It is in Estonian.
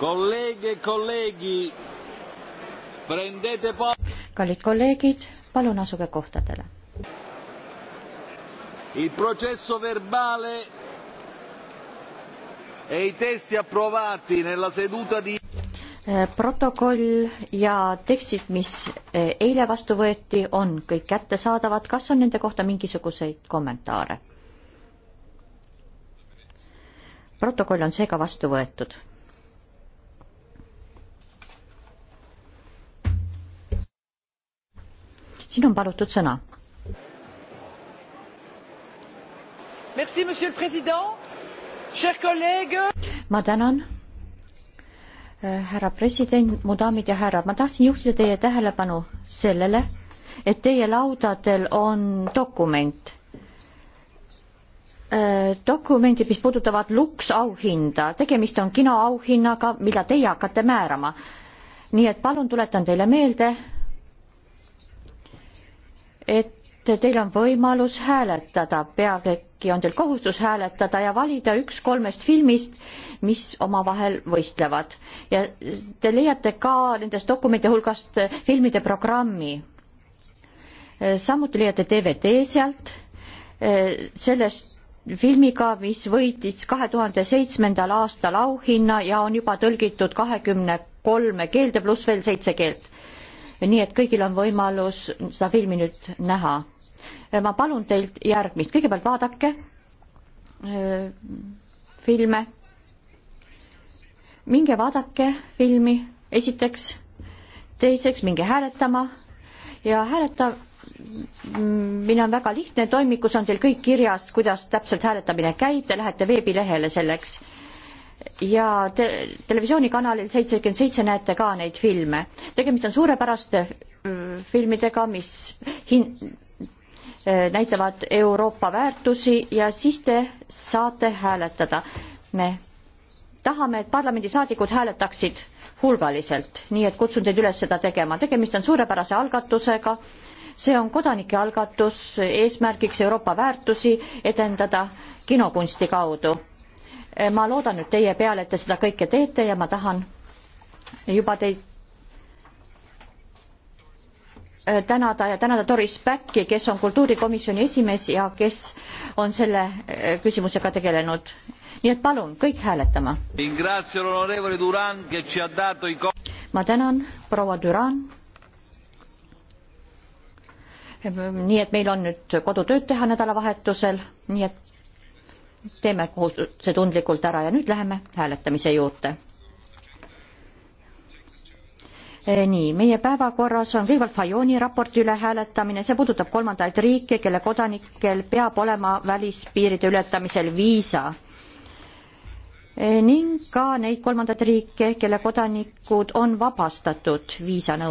kolleege, kolleegi, prendete po-. kallid kolleegid, palun asuge kohtadele. Il processo verbale e i testi approvati nella seduta di eh, protokoll ja tekstid, mis eh, eile vastu võeti, on kõik kättesaadavad, kas on nende kohta mingisuguseid kommentaare? protokoll on seega vastu võetud siin on palutud sõna. ma tänan, äh, härra president, mu daamid ja härrad, ma tahtsin juhtida teie tähelepanu sellele, et teie laudadel on dokument äh, dokumendid, mis puudutavad Lux auhinda, tegemist on kinoauhinnaga, mida teie hakkate määrama. nii et palun tuletan teile meelde, et teil on võimalus hääletada, peaaegu äkki on teil kohustus hääletada ja valida üks kolmest filmist, mis omavahel võistlevad. ja te leiate ka nendest dokumentide hulgast filmide programmi. samuti leiate DVD sealt, sellest filmiga, mis võitis kahe tuhande seitsmendal aastal auhinna ja on juba tõlgitud kahekümne kolme keelde pluss veel seitse keelt nii et kõigil on võimalus seda filmi nüüd näha. ma palun teilt järgmist, kõigepealt vaadake öö, äh, filme. minge vaadake filmi, esiteks, teiseks minge hääletama ja hääleta mina on väga lihtne, toimikus on teil kõik kirjas, kuidas täpselt hääletamine käib, te lähete veebilehele selleks ja te televisioonikanalil seitsekümmend seitse näete ka neid filme. tegemist on suurepäraste mm, filmidega, mis hin-, äh, näitavad Euroopa väärtusi ja siis te saate hääletada. me tahame, et parlamendisaadikud hääletaksid hulgaliselt, nii et kutsun teid üles seda tegema. tegemist on suurepärase algatusega, see on kodanike algatus, eesmärgiks Euroopa väärtusi edendada kinokunsti kaudu Eh, ma loodan nüüd teie peale, et te seda kõike teete ja ma tahan juba teid eh, tänada ja tänada Doris Päkki, kes on kultuurikomisjoni esimees ja kes on selle eh, küsimusega tegelenud. nii et palun kõik hääletama. ma tänan, proua Duran. nii et meil on nüüd kodutööd teha nädalavahetusel, nii et teeme kohustuse tundlikult ära ja nüüd läheme hääletamise juurde. E, nii, meie päevakorras on kõigepealt Fajoni raporti üle hääletamine, see puudutab kolmandaid riike, kelle kodanikel peab olema välispiiride ületamisel viisa e, ning ka neid kolmandaid riike, kelle kodanikud on vabastatud viisanõudest.